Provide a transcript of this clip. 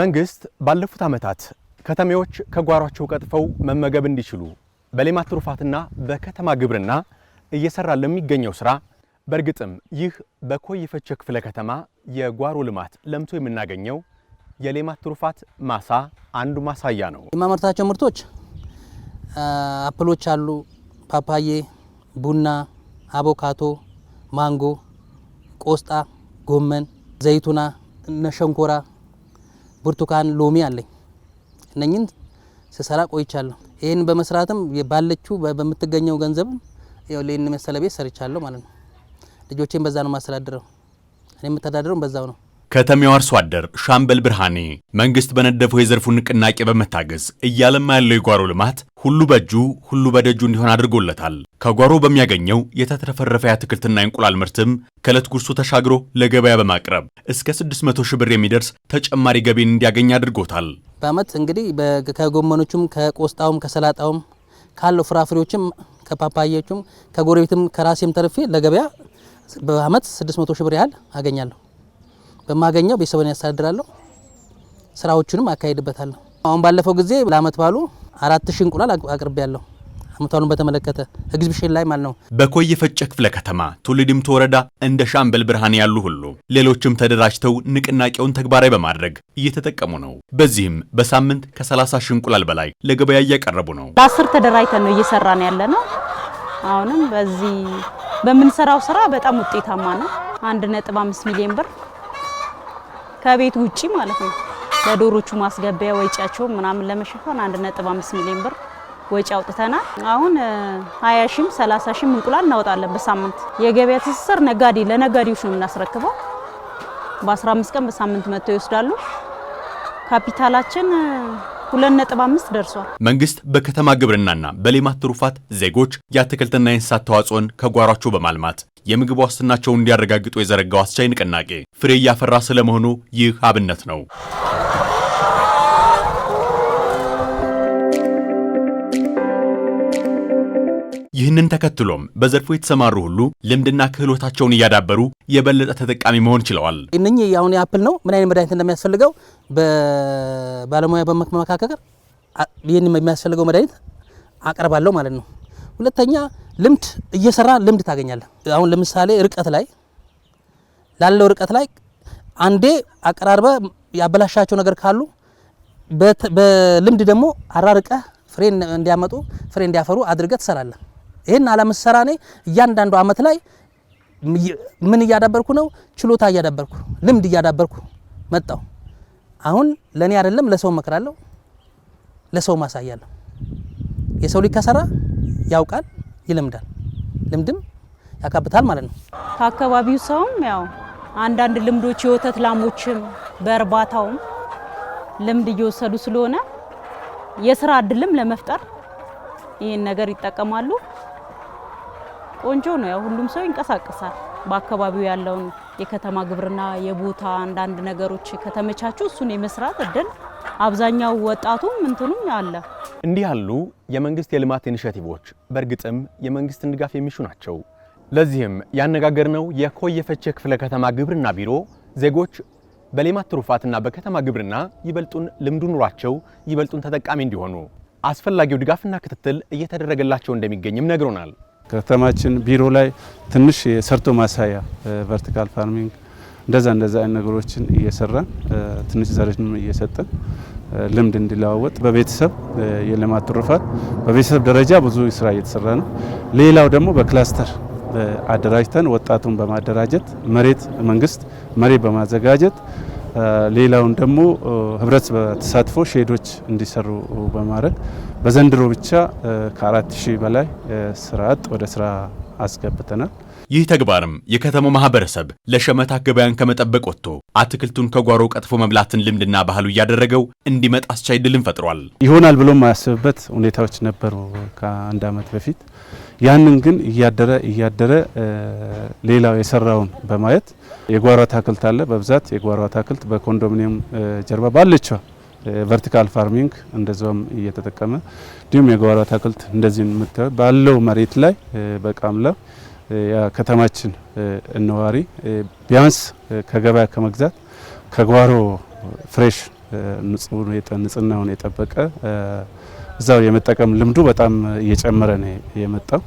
መንግስት ባለፉት ዓመታት ከተሜዎች ከጓሯቸው ቀጥፈው መመገብ እንዲችሉ በሌማት ትሩፋትና በከተማ ግብርና እየሰራ ለሚገኘው ስራ በእርግጥም ይህ በኮዬ ክፍለ ከተማ የጓሮ ልማት ለምቶ የምናገኘው የሌማት ትሩፋት ማሳ አንዱ ማሳያ ነው። የማመርታቸው ምርቶች አፕሎች አሉ፣ ፓፓዬ፣ ቡና፣ አቮካቶ፣ ማንጎ፣ ቆስጣ፣ ጎመን፣ ዘይቱና፣ ነሸንኮራ ሸንኮራ ብርቱካን፣ ሎሚ አለኝ። እነኝን ስሰራ ቆይቻለሁ። ይህን በመስራትም ባለችው በምትገኘው ገንዘብ ያው ለእኔ መሰለ ቤት ሰርቻለሁ ማለት ነው። ልጆቼን በዛ ነው ማስተዳድረው። እኔ የምተዳድረው በዛው ነው። ከተማው አርሶ አደር ሻምበል ብርሃኔ መንግስት በነደፈው የዘርፉን ንቅናቄ በመታገዝ እያለማ ያለው የጓሮ ልማት ሁሉ በእጁ ሁሉ በደጁ እንዲሆን አድርጎለታል። ከጓሮ በሚያገኘው የተትረፈረፈ የአትክልትና እንቁላል ምርትም ከዕለት ጉርሱ ተሻግሮ ለገበያ በማቅረብ እስከ 600 ሺህ ብር የሚደርስ ተጨማሪ ገቢን እንዲያገኝ አድርጎታል። በዓመት እንግዲህ ከጎመኖቹም ከቆስጣውም ከሰላጣውም ካለው ፍራፍሬዎችም ከፓፓያዎችም ከጎረቤትም ከራሴም ተርፌ ለገበያ በዓመት 600 ሺህ ብር ያህል አገኛለሁ። በማገኘው ቤተሰብን ያስተዳድራለሁ፣ ስራዎቹንም አካሄድበታለሁ። አሁን ባለፈው ጊዜ ለአመት ባሉ አራት ሺ እንቁላል አቅርቤ ያለሁ አመቷሉን በተመለከተ ኤግዚቢሽን ላይ ማለት ነው። በኮዬ ፈጬ ክፍለ ከተማ ቱሉ ወረዳ እንደ ሻምበል ብርሃን ያሉ ሁሉ ሌሎችም ተደራጅተው ንቅናቄውን ተግባራዊ በማድረግ እየተጠቀሙ ነው። በዚህም በሳምንት ከ30 ሺህ እንቁላል በላይ ለገበያ እያቀረቡ ነው። በአስር ተደራጅተን ነው እየሰራን ያለ ነው። አሁንም በዚህ በምንሰራው ስራ በጣም ውጤታማ ነው። 1.5 ሚሊዮን ብር ከቤት ውጪ ማለት ነው። ለዶሮቹ ማስገቢያ ወጪያቸው ምናምን ለመሸፈን 1.5 ሚሊዮን ብር ወጪ አውጥተናል። አሁን 20 ሺም 30 ሺም እንቁላል እናወጣለን በሳምንት። የገበያ ትስስር ነጋዴ ለነጋዴዎች ነው የምናስረክበው። በ15 ቀን በሳምንት መጥተው ይወስዳሉ። ካፒታላችን 2.5 ደርሷል። መንግስት በከተማ ግብርናና በሌማት ትሩፋት ዜጎች የአትክልትና የእንስሳት ተዋጽኦን ከጓሯቸው በማልማት የምግብ ዋስትናቸውን እንዲያረጋግጡ የዘረጋው አስቻይ ንቅናቄ ፍሬ እያፈራ ስለመሆኑ ይህ አብነት ነው። ይህንን ተከትሎም በዘርፉ የተሰማሩ ሁሉ ልምድና ክህሎታቸውን እያዳበሩ የበለጠ ተጠቃሚ መሆን ችለዋል። እነኚህ አሁን የአፕል ነው ምን አይነት መድኃኒት እንደሚያስፈልገው በባለሙያ በመመካከር ይህን የሚያስፈልገው መድኃኒት አቀርባለሁ ማለት ነው። ሁለተኛ ልምድ እየሰራ ልምድ ታገኛለህ። አሁን ለምሳሌ ርቀት ላይ ላለው ርቀት ላይ አንዴ አቀራርበ ያበላሻቸው ነገር ካሉ በልምድ ደግሞ አራርቀህ ፍሬ እንዲያመጡ ፍሬ እንዲያፈሩ አድርገህ ትሰራለህ። ይህን ዓለም እኔ እያንዳንዱ አመት ላይ ምን እያዳበርኩ ነው? ችሎታ እያዳበርኩ ልምድ እያዳበርኩ መጣው። አሁን ለእኔ አይደለም ለሰው መክራለሁ፣ ለሰው ማሳያለሁ። የሰው ልጅ ከሰራ ያውቃል፣ ይለምዳል፣ ልምድም ያካብታል ማለት ነው። ከአካባቢው ሰውም ያው አንዳንድ ልምዶች የወተት ላሞችም በእርባታውም ልምድ እየወሰዱ ስለሆነ የስራ እድልም ለመፍጠር ይህን ነገር ይጠቀማሉ። ቆንጆ ነው። ያው ሁሉም ሰው ይንቀሳቀሳል። በአካባቢው ያለውን የከተማ ግብርና የቦታ አንዳንድ ነገሮች ከተመቻቹ እሱን የመስራት እድል አብዛኛው ወጣቱም እንትኑም አለ። እንዲህ ያሉ የመንግስት የልማት ኢኒሼቲቮች በእርግጥም የመንግስትን ድጋፍ የሚሹ ናቸው። ለዚህም ያነጋገርነው የኮየ ክፍለ ከተማ ግብርና ቢሮ ዜጎች በሌማት ትሩፋትና በከተማ ግብርና ይበልጡን ልምዱ ኑሯቸው ይበልጡን ተጠቃሚ እንዲሆኑ አስፈላጊው ድጋፍና ክትትል እየተደረገላቸው እንደሚገኝም ነግሮናል። ከተማችን ቢሮ ላይ ትንሽ የሰርቶ ማሳያ ቨርቲካል ፋርሚንግ እንደዛ እንደዛ አይነት ነገሮችን እየሰራን ትንሽ ዘርንም እየሰጠን ልምድ እንዲለዋወጥ በቤተሰብ የልማት ትሩፋት በቤተሰብ ደረጃ ብዙ ስራ እየተሰራ ነው። ሌላው ደግሞ በክላስተር አደራጅተን ወጣቱን በማደራጀት መሬት መንግስት መሬት በማዘጋጀት ሌላውን ደግሞ ህብረት በተሳትፎ ሼዶች እንዲሰሩ በማድረግ በዘንድሮ ብቻ ከአራት ሺህ በላይ ስራ አጥ ወደ ስራ አስገብተናል። ይህ ተግባርም የከተማው ማህበረሰብ ለሸመታ ገበያን ከመጠበቅ ወጥቶ አትክልቱን ከጓሮ ቀጥፎ መብላትን ልምድና ባህሉ እያደረገው እንዲመጣ አስቻይ ድልን ፈጥሯል። ይሆናል ብሎ ማያስብበት ሁኔታዎች ነበሩ ከአንድ ዓመት በፊት። ያንን ግን እያደረ እያደረ ሌላው የሰራውን በማየት የጓሮ አታክልት አለ። በብዛት የጓሮ ታክልት በኮንዶሚኒየም ጀርባ ባለችዋ ቨርቲካል ፋርሚንግ እንደዚያውም እየተጠቀመ እንዲሁም የጓሮ አትክልት እንደዚህ የምታዩት ባለው መሬት ላይ በቃም ለም የከተማችን ነዋሪ ቢያንስ ከገበያ ከመግዛት ከጓሮ ፍሬሽ ንጽህናውን የጠበቀ እዛው የመጠቀም ልምዱ በጣም እየጨመረ ነው የመጣው።